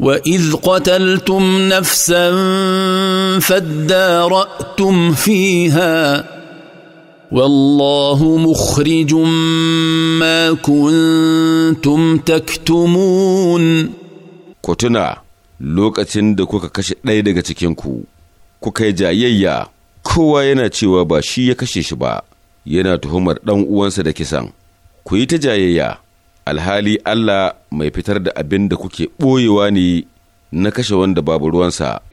واذ قتلتم nafsan فاداراتم فيها والله مخرج ما كنتم تكتمون كتنا lokacin da kuka kashe ɗaya daga cikinku ku yi jayayya kowa yana cewa ba shi ya kashe shi ba yana tuhumar ɗan uwansa da kisan ku yi ta jayayya alhali Allah mai fitar da abin da kuke ɓoyewa ne na kashe wanda babu ruwansa.